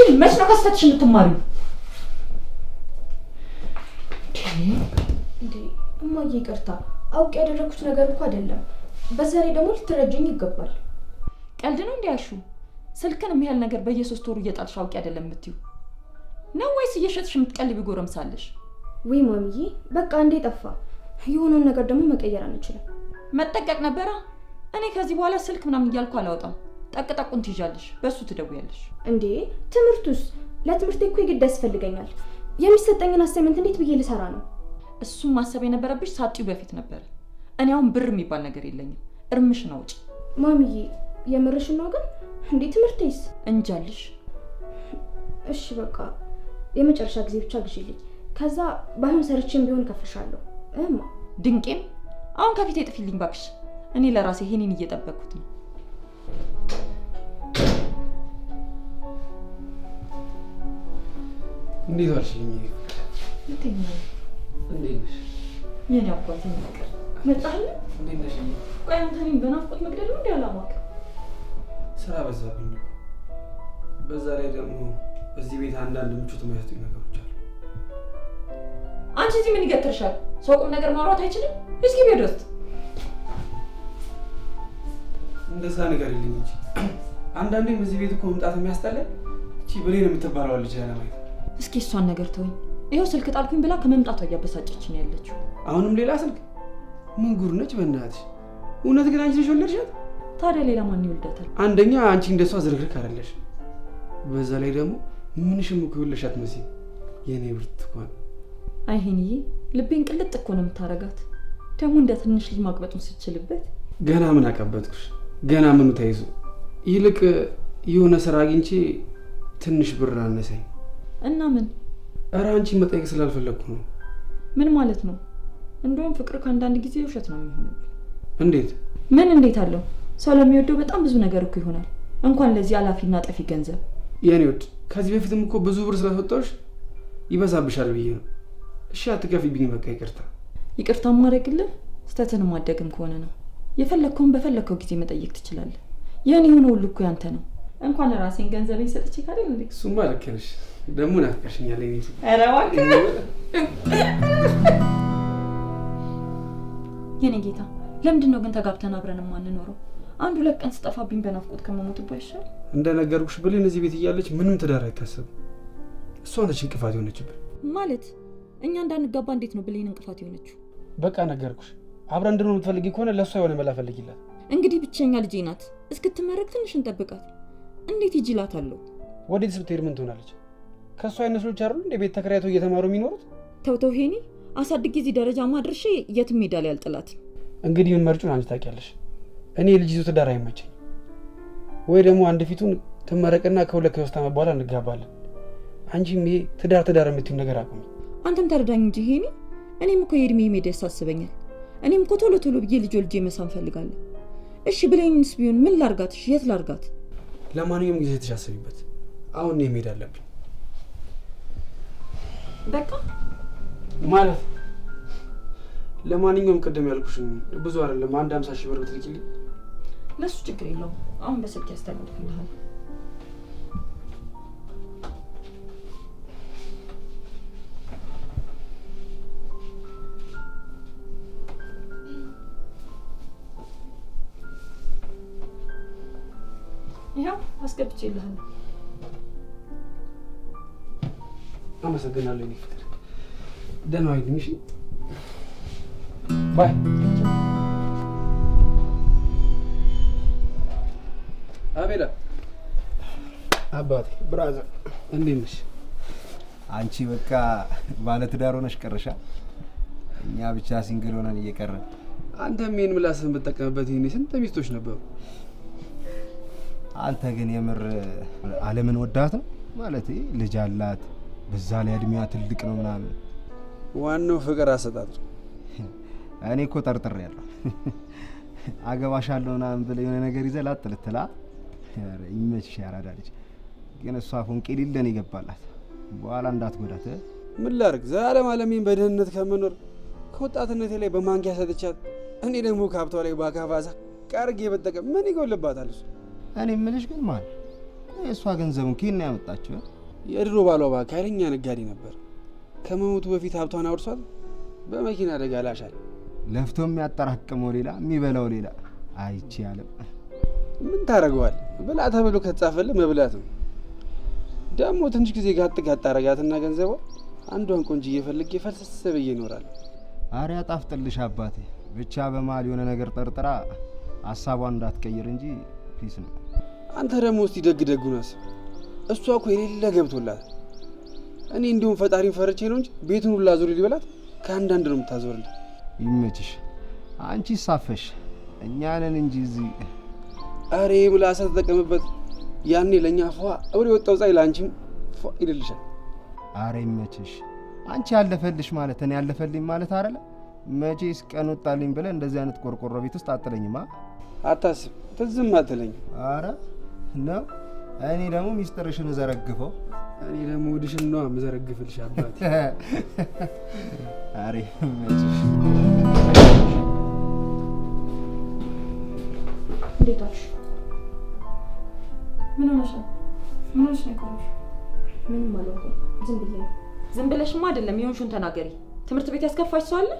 ግን መች ነው ከስተትሽ የምትማሪው? እማዬ ይቅርታ፣ አውቅ ያደረግኩት ነገር እኮ አይደለም። በዛ ላይ ደግሞ ልትረጅኝ ይገባል። ቀልድ ነው እንዲያሹ ስልክን የሚያህል ነገር በየሶስት ወሩ እየጣልሽ አውቅ አይደለም የምትዩ ነው ወይስ እየሸጥሽ የምትቀልቢ ጎረምሳለሽ? ወይ ማሚዬ፣ በቃ እንዴ ጠፋ። የሆነውን ነገር ደግሞ መቀየር አንችልም። መጠቀቅ ነበራ። እኔ ከዚህ በኋላ ስልክ ምናምን እያልኩ አላወጣም። ጠቅጠቁን ትይዣለሽ፣ በእሱ ትደውያለሽ። እንዴ ትምህርቱስ? ለትምህርት እኮ የግድ ያስፈልገኛል። የሚሰጠኝን አሳይመንት እንዴት ብዬ ልሰራ ነው? እሱም ማሰብ የነበረብሽ ሳጢው በፊት ነበር። እኔ አሁን ብር የሚባል ነገር የለኝም። እርምሽ ነው ውጭ። ማሚዬ የምርሽ ነው ግን? እንዴ ትምህርቴስ? እንጃልሽ። እሺ በቃ የመጨረሻ ጊዜ ብቻ ግዢልኝ፣ ከዛ ባይሆን ሰርቼም ቢሆን ከፍሻለሁ። እማ ድንቄም አሁን ከፊቴ ጥፊልኝ ባክሽ። እኔ ለራሴ ይሄንን እየጠበቅኩት ነው። እንዴት ዋልሽልኝ? እንዴት ነው? እንዴት ነሽ? የኔ አባት ይመከር መጣልኝ። እንዴት ነሽ? ቆይ አንተ እኔን በናፍቆት መግደል ነው እንዴ አላማውቅ? ስራ በዛብኝ። በዛ ላይ ደግሞ በዚህ ቤት አንዳንድ ምቾት የማይሰጡኝ ነገሮች አሉ። አንቺ እዚህ ምን ይገትርሻል? ሰው ቁም ነገር ማውራት አይችልም? እስኪ ቤት ውስጥ እንደዛ ነገር የለኝ እንጂ አንዳንዴም እዚህ ቤት እኮ መምጣት የሚያስጠላኝ እቺ ብሌን ልጅ ያለማየት እስኪ እሷን ነገር ተወኝ። ይኸው ስልክ ጣልኩኝ ብላ ከመምጣቷ እያበሳጨች ነው ያለችው። አሁንም ሌላ ስልክ? ምን ጉር ነች በእናትሽ! እውነት ግን አንቺ ነሽ ወለድሻት? ታዲያ ሌላ ማን ይወልዳታል? አንደኛ አንቺ እንደሷ ዝርግርክ አይደለሽ። በዛ ላይ ደግሞ ምንሽም እኮ ይወለሻት መሲ የኔ ብርቱካን። አይሄንዬ ልቤን ቅልጥ እኮ ነው የምታረጋት። ደግሞ እንደ ትንሽ ልጅ ማቅበጡን ስችልበት ገና ምን አቀበጥኩሽ? ገና ምኑ ተይዞ። ይልቅ የሆነ ስራ አግኝቼ ትንሽ ብር አነሳኝ። እና ምን? እረ አንቺን መጠየቅ ስላልፈለግኩ ነው። ምን ማለት ነው? እንደውም ፍቅር ከአንዳንድ ጊዜ ውሸት ነው የሚሆነው። እንዴት? ምን እንዴት አለው? ሰው ለሚወደው በጣም ብዙ ነገር እኮ ይሆናል። እንኳን ለዚህ አላፊና ጠፊ ገንዘብ። የኔ ውድ፣ ከዚህ በፊትም እኮ ብዙ ብር ስላስወጣሁሽ ይበዛብሻል ብዬ ነው። እሺ አትገፊብኝ፣ በቃ ይቅርታ። ይቅርታ ማድረግልህ ስተትን ማደግም ከሆነ ነው። የፈለግከውን በፈለግከው ጊዜ መጠየቅ ትችላለህ። ይህን የሆነ ሁሉ እኮ ያንተ ነው። እንኳን ራሴን ገንዘብ ሰጥቼ ካለ እሱማ ልክ ነሽ። ደግሞ ናፍቀሽኛል። ኧረ እባክህ የኔ ጌታ፣ ለምንድን ነው ግን ተጋብተን አብረን የማንኖረው? አንድ ሁለት ቀን ስጠፋብኝ በናፍቆት ከመሞትባት ይሻል። እንደነገርኩሽ ብሌን እዚህ ቤት እያለች ምንም ትዳር አይታሰብም። እሷ ነች እንቅፋት የሆነችብን። ማለት እኛ እንዳንጋባ እንዴት ነው ብሌን እንቅፋት የሆነችው? በቃ ነገርኩሽ። አብረን እንድንሆን የምትፈልጊ ከሆነ ለእሷ የሆነ መላ ፈልጊላት። እንግዲህ ብቸኛ ልጄ ናት። እስክትመረቅ ትንሽ እንጠብቃት። እንዴት ይጅላት አለው። ወዴትስ ብትሄድ ምን ትሆናለች? ከእሱ አይነት ልጆች አሉ እንደ ቤት ተከራይቶ እየተማሩ የሚኖሩት። ተውተው ሄኒ አሳድጌ እዚህ ደረጃ ማድረሽ የት ሜዳ ላይ ያልጥላት። እንግዲህ ምን መርጩን አንቺ ታውቂያለሽ። እኔ ልጅ ይዞ ትዳር አይመቸኝ ወይ ደግሞ አንድ ፊቱን ትመረቅና ከሁለት ከሶስት ዓመት በኋላ እንጋባለን። አንቺም ይሄ ትዳር ትዳር የምትይው ነገር አቁሚ። አንተም ተረዳኝ እንጂ ሄኒ፣ እኔም እኮ የእድሜ ሜዳ ያሳስበኛል። እኔም እኮ ቶሎ ቶሎ ብዬ ልጅ ወልጄ መሳም ፈልጋለሁ። እሺ ብለኝስ ቢሆን ምን ላርጋት? የት ላርጋት? ለማንኛውም ጊዜ ተሻሰቢበት። አሁን እኔ መሄድ አለብኝ። በቃ ማለት ለማንኛውም ቅድም ያልኩሽ ብዙ አይደለም፣ አንድ ሀምሳ ሺህ ብር ብትልኪልኝ። ለሱ ችግር የለውም። አሁን በስልክ ያስተላልፍልሃል። ይኸው አስገብቼልሃለሁ። አመሰግናለሁ። እኔ ፍቅር ደህና ዋይልኝ። እሺ ባይ። አቤላ አባቴ፣ ብራዘር እንዴት ነሽ? አንቺ በቃ ባለትዳር ሆነሽ ቀርሻ እኛ ብቻ ሲንግል ሆነን እየቀረን አንተም ይህን ምላስህን ብትጠቀምበት ይህኔ ስንት ሚስቶች ነበሩ። አንተ ግን የምር አለምን ወዳት ነው ማለት ልጅ አላት በዛ ላይ እድሜዋ ትልቅ ነው ምናምን። ዋናው ፍቅር አሰጣጥ። እኔ እኮ ጠርጥሬ ያለሁ አገባሻለሁ ምናምን ብለህ የሆነ ነገር ይዘህ ላጥ ልትላ። ይመችሽ ያራዳ ልጅ። ግን እሷ ፎንቄ ሊለን ይገባላት በኋላ እንዳትጎዳት። ምን ላርግ? ዘላለም አለሚን በድህነት ከመኖር ከወጣትነቴ ላይ በማንኪያ ሰጥቻት፣ እኔ ደግሞ ከሀብቷ ላይ በአካፋዛ ቀርግ የበጠቀ ምን ይጎልባታል? እሱ እኔ ግን ማን እሷ ገንዘቡን ኪና ያመጣችው የድሮ ባሏ ባክ ኃይለኛ ነጋዴ ነበር። ከመሞቱ በፊት ሀብቷን አውርሷል። በመኪና አደጋ ላሻል። ለፍቶ የሚያጠራቅመው ሌላ፣ የሚበላው ሌላ። አይቼ ያለም ምን ታደርገዋል? ብላ ተብሎ ከተጻፈለ መብላት ነው። ደግሞ ትንሽ ጊዜ ጋጥ ጋጥ አረጋትና ገንዘቧ አንዷን ቆንጆ እየፈልግ የፈልሰሰበ ይኖራል። አሪያ ጣፍጥልሽ አባቴ። ብቻ በመሀል የሆነ ነገር ጠርጥራ ሀሳቧን እንዳትቀይር እንጂ ፊስ ነው። አንተ ደግሞ እስቲ ደግ ነው አስብ። እሷ እኮ የሌለ ገብቶላት እኔ እንዲሁም ፈጣሪን ፈርቼ ነው እንጂ ቤቱን ሁላ ዙሪ ሊበላት ከአንዳንድ ነው የምታዞርልኝ። ይመችሽ። አንቺ ሳፈሽ እኛንን እንጂ እዚህ አሬ ምላሳ ተጠቀምበት። ያኔ ለእኛ ፏ እብሬ ወጣው ፀሐይ ለአንቺም ፏ ይልልሻል። አሬ ይመችሽ። አንቺ ያለፈልሽ ማለት እኔ ያለፈልኝ ማለት አይደለ? መቼስ ቀን ወጣልኝ ብለ እንደዚህ አይነት ቆርቆሮ ቤት ውስጥ አጥለኝማ። አታስብ፣ ትዝም አትለኝ። አረ ነው እኔ ደግሞ ሚስጥርሽን ዘረግፈው። እኔ ደግሞ ወድሽን ነው የምዘረግፍልሽ አባቴ። አሪፍ ምን ምን ዝም ብለሽማ አይደለም። የሆንሽውን ተናገሪ። ትምህርት ቤት ያስከፋሽ ሰው አለ?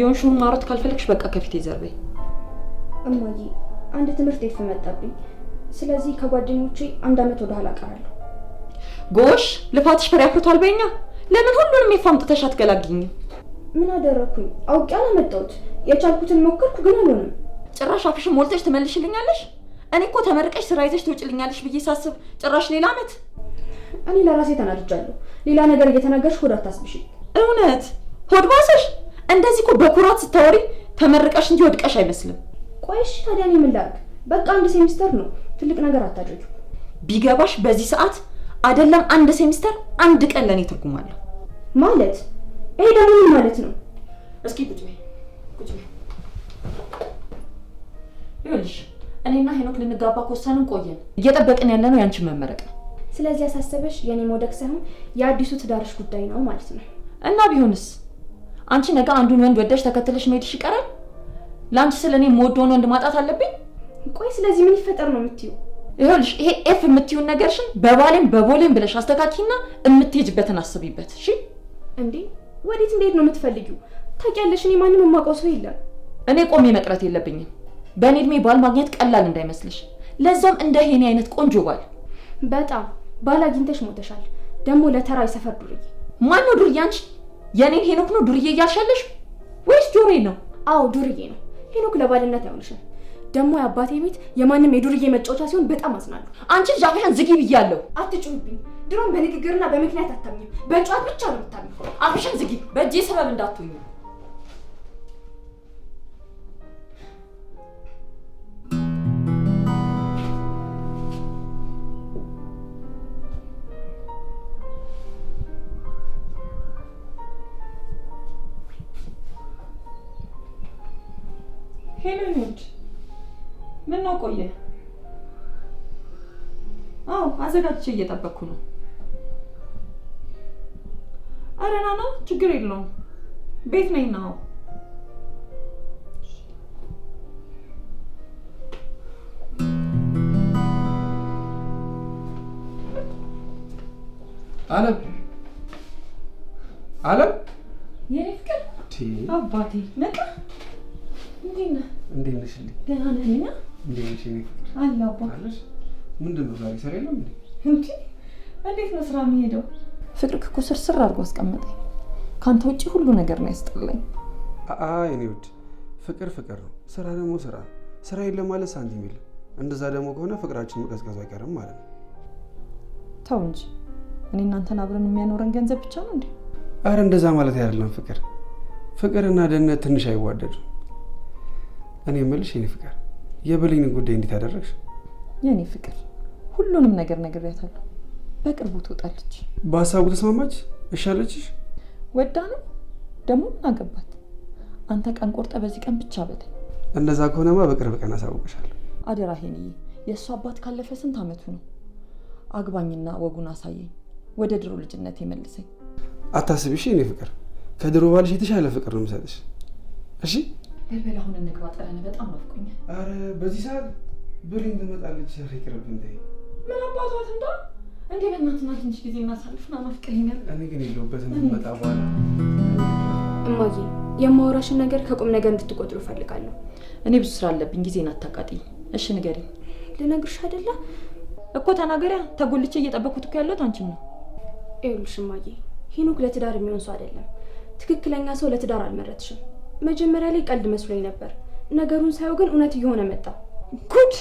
የሆንሽውን ማውራት ካልፈለግሽ በቃ ከፊቴ ዘርበይ። እማዬ አንድ ትምህርት ጤፍ መጣብኝ። ስለዚህ ከጓደኞቼ አንድ አመት ወደ ኋላ ቀራለሁ። ጎሽ ልፋትሽ ፍሬ አፍርቷል። በኛ ለምን ሁሉንም የፋምጥተሽ አትገላግኝም? ምን አደረኩኝ? አውቄ አላመጣሁት። የቻልኩትን ሞከርኩ፣ ግን አልሆነም። ጭራሽ አፍሽን ሞልተሽ ትመልሽልኛለሽ። እኔ እኮ ተመርቀሽ ስራ ይዘሽ ትውጭልኛለሽ ብዬ ሳስብ ጭራሽ ሌላ አመት። እኔ ለራሴ ተናድጃለሁ። ሌላ ነገር እየተናገርሽ ሆድ አታስብሽ። እውነት ሆድ ባሰሽ። እንደዚህ እኮ በኩራት ስታወሪ ተመርቀሽ እንጂ ወድቀሽ አይመስልም። ቆይሽ ታዲያ እኔ ምን ላድርግ? በቃ አንድ ሴሚስተር ነው፣ ትልቅ ነገር አታድርጊው። ቢገባሽ በዚህ ሰዓት አይደለም አንድ ሴሚስተር አንድ ቀን ለእኔ ትርጉም አለው ማለት ይሄ ደግሞ ምን ማለት ነው? እስኪ ቁጭ በይ ቁጭ በይ። ይኸውልሽ እኔና ሄኖክ ልንጋባ ከወሰንን ቆየን። እየጠበቅን ያለ ነው ያንቺን መመረቅ ነው። ስለዚህ ያሳሰበሽ የእኔ መውደቅ ሳይሆን የአዲሱ ትዳርሽ ጉዳይ ነው ማለት ነው። እና ቢሆንስ አንቺ ነገ አንዱን ወንድ ወደሽ ተከትለሽ መሄድሽ ይቀራል። ለአንቺ ስለ እኔ የምወደውን ወንድ ማጣት አለብኝ? ቆይ ስለዚህ ምን ይፈጠር ነው የምትይው? ይኸውልሽ ይሄ ኤፍ የምትይውን ነገርሽን በባሌም በቦሌም ብለሽ አስተካኪና የምትሄጅበትን አስቢበት። እሺ እንዴ ወዴት እንዴት ነው የምትፈልጊው? ታውቂያለሽ እኔ ማንም የማውቀው ሰው የለም። እኔ ቆሜ መቅረት የለብኝም። በእኔ እድሜ ባል ማግኘት ቀላል እንዳይመስልሽ፣ ለዛም እንደ ሄኔ አይነት ቆንጆ ባል። በጣም ባል አግኝተሽ ሞተሻል። ደግሞ ለተራ የሰፈር ዱርዬ። ማነው ዱርዬ? አንቺ የእኔን ሄኖክ ነው ዱርዬ እያልሻለሽ ወይስ ጆሮዬ ነው? አዎ ዱርዬ ነው። ሄኖክ ለባልነት አይሆንሽም። ደግሞ የአባቴ ቤት የማንም የዱርዬ መጫወቻ ሲሆን በጣም አዝናለሁ። አንቺ ዣንሽን ዝጊ ብያለሁ። አትጩህብኝ። ድሮም በንግግርና በምክንያት አታምኝም፣ በጨዋት ብቻ ነው የምታምኝ። አፍሽን ዝጊ፣ በእጄ ሰበብ እንዳትሆኝ ሄሎ ይሁድ፣ ምን ነው ቆየ? አዎ አዘጋጅቼ እየጠበቅኩ ነው። ኧረ ና ና፣ ችግር የለውም ቤት ነኝ። ናው አለም አለም፣ የኔ ፍቅር አባቴ መጣ። እንዴት ነህ? እንዴት ነሽ? ደህና ነኝ። እንዴት ነሽ? አለሁ አባ። ምንድን ነው ዛሬ ስራ የለም እንዴ? እንዴ እንዴት ነው ስራ የምሄደው? ፍቅርክ እኮ ስርስር አድርጎ አስቀመጠኝ። ከአንተ ውጭ ሁሉ ነገር ነው ያስጠላኝ። አይ እኔ ውድ ፍቅር ፍቅር ነው፣ ስራ ደግሞ ስራ ነው። ስራ የለም ማለት ሳንቲም የለም። እንደዛ ደግሞ ከሆነ ፍቅራችን መቀዝቀዙ አይቀርም ማለት ነው። ተው እንጂ እኔ እናንተን አብረን የሚያኖረን ገንዘብ ብቻ ነው እንዴ? አረ እንደዛ ማለት አይደለም ፍቅር ፍቅርና ደህንነት ትንሽ አይዋደዱ እኔ የምልሽ የኔ ፍቅር የብሌንን ጉዳይ እንዴት አደረግሽ? የኔ ፍቅር ሁሉንም ነገር ነግሬያታለሁ። በቅርቡ ትወጣለች። በሀሳቡ ተስማማች? እሻለችሽ? ወዳ ነው ደግሞ ምን አገባት? አንተ ቀን ቆርጠ በዚህ ቀን ብቻ በለኝ። እንደዛ ከሆነማ በቅርብ ቀን አሳውቅሻለሁ። አደራ ሄንዬ፣ የእሱ አባት ካለፈ ስንት ዓመቱ ነው? አግባኝና ወጉን አሳየኝ፣ ወደ ድሮ ልጅነት የመልሰኝ። አታስቢሽ የኔ ፍቅር፣ ከድሮ ባልሽ የተሻለ ፍቅር ነው የምሰጥሽ። እሺ በልበል አሁን እንግባ። ጠረን በጣም ናፍቆኛል። አረ በዚህ ሰዓት ብሬን ትመጣለች። ይቅርብ ምን እንዴ በእናትና ትንሽ ጊዜ እኔ ግን በኋላ እማዬ የማወራሽን ነገር ከቁም ነገር እንድትቆጥሩ እፈልጋለሁ። እኔ ብዙ ስራ አለብኝ። ጊዜን አታቃጥኝ። እሺ ልነግርሽ አይደለ እኮ ተናገሪያ። ተጎልቼ እየጠበኩት እኮ ያለሁት ነው። ይኸውልሽ እማዬ ለትዳር የሚሆን ሰው አይደለም። ትክክለኛ ሰው ለትዳር አልመረጥሽም። መጀመሪያ ላይ ቀልድ መስሎኝ ነበር። ነገሩን ሳየው ግን እውነት እየሆነ መጣ። ጉድ!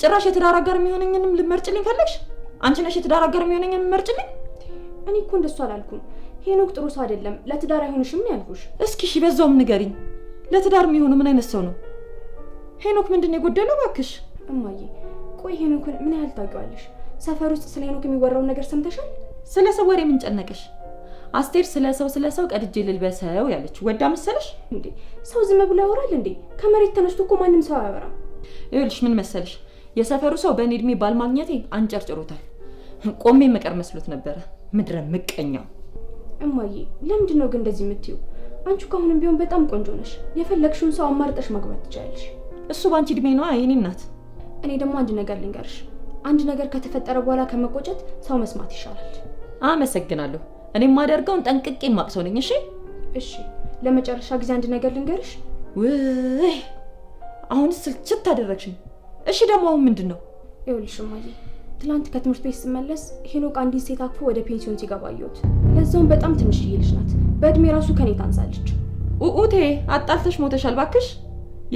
ጭራሽ የትዳር አጋር የሚሆነኝንም ልመርጭልኝ ፈለግሽ? አንቺ ነሽ የትዳር አጋር የሚሆነኝን ልመርጭልኝ? እኔ እኮ እንደሱ አላልኩም። ሄኖክ ጥሩ ሰው አይደለም፣ ለትዳር አይሆንሽም ያልኩሽ። እስኪ ሺ በዛውም ንገሪኝ፣ ለትዳር የሚሆኑ ምን አይነት ሰው ነው ሄኖክ? ምንድን ነው የጎደለው እባክሽ? እማዬ ቆይ ሄኖክን ምን ያህል ታውቂዋለሽ? ሰፈር ውስጥ ስለ ሄኖክ የሚወራውን ነገር ሰምተሻል? ስለ ሰው ወሬ ምን ጨነቀሽ? አስቴር ስለ ሰው ስለ ሰው ቀድጄ ልልበሰው ያለች ወዳ መሰለሽ እንዴ? ሰው ዝም ብሎ ያወራል እንዴ? ከመሬት ተነስቶ እኮ ማንም ሰው አያወራም። ይኸውልሽ ምን መሰለሽ፣ የሰፈሩ ሰው በእኔ እድሜ አንጨር አንጨርጭሮታል። ቆሜ መቀር መስሎት ነበረ። ምድረ ምቀኛው። እማዬ ለምንድን ነው ግን እንደዚህ የምትዩ? አንቺ እኮ አሁንም ቢሆን በጣም ቆንጆ ነሽ። የፈለግሽውን ሰው አማርጠሽ ማግባት ትችላለሽ። እሱ በአንቺ እድሜ ነዋ የኔ እናት። እኔ ደግሞ አንድ ነገር ልንገርሽ፣ አንድ ነገር ከተፈጠረ በኋላ ከመቆጨት ሰው መስማት ይሻላል። አመሰግናለሁ። እኔ የማደርገውን ጠንቅቄ የማቅ ሰው ነኝ። እሺ እሺ። ለመጨረሻ ጊዜ አንድ ነገር ልንገርሽ። ውይ አሁን ስልችት አደረግሽኝ። እሺ ደግሞ አሁን ምንድን ነው? ይኸውልሽ እማዬ፣ ትናንት ከትምህርት ቤት ስመለስ ሄኖክ አንዲት ሴት አቅፎ ወደ ፔንሲዮን ሲገባ አየሁት። ለዛውም በጣም ትንሽዬ ልጅ ናት። በእድሜ ራሱ ከኔ ታንሳለች። ኡቴ አጣልተሽ ሞተሻል ባክሽ።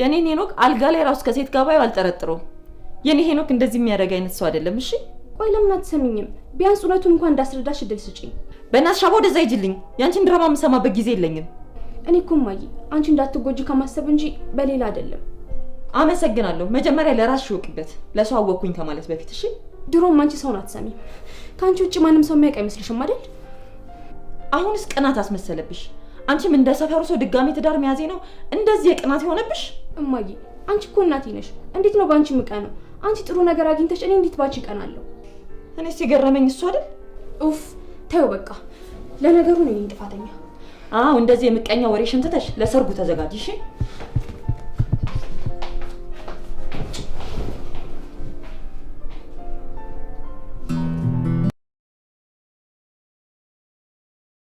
የእኔን ሄኖክ አልጋ ላይ ራሱ ከሴት ጋባዩ አልጠረጥሮም። የኔ ሄኖክ እንደዚህ የሚያደርግ አይነት ሰው አይደለም። እሺ ቆይ ለምን አትሰሚኝም? ቢያንስ እውነቱን እንኳን እንዳስረዳሽ እድል ስጪኝ። በእናትሽ አባ ወደዛ ይጅልኝ የአንቺን ድራማ የምሰማበት ጊዜ የለኝም። እኔ እኮ እማዬ አንቺ እንዳትጎጂ ከማሰብ እንጂ በሌላ አይደለም። አመሰግናለሁ። መጀመሪያ ለራስሽ እወቂበት፣ ለሰው አወቅኩኝ ከማለት በፊት እሺ። ድሮም አንቺ ሰውን አትሰሚም። ከአንቺ ውጭ ማንም ሰው የሚያውቅ አይመስልሽም አይደል? አሁንስ ቅናት አስመሰለብሽ። አንቺም እንደ ሰፈሩ ሰው ድጋሜ ትዳር መያዜ ነው እንደዚህ የቅናት የሆነብሽ? እማዬ አንቺ እኮ እናቴ ነሽ። እንዴት ነው በአንቺ ምቀ ነው? አንቺ ጥሩ ነገር አግኝተሽ እኔ እንዴት ባንቺ እቀናለሁ? እኔስ የገረመኝ እሱ አይደል? ኡፍ ተይው በቃ። ለነገሩ ነው ጥፋተኛ። አዎ እንደዚህ የምቀኛ ወሬሽን ትተሽ ለሰርጉ ተዘጋጅ እሺ።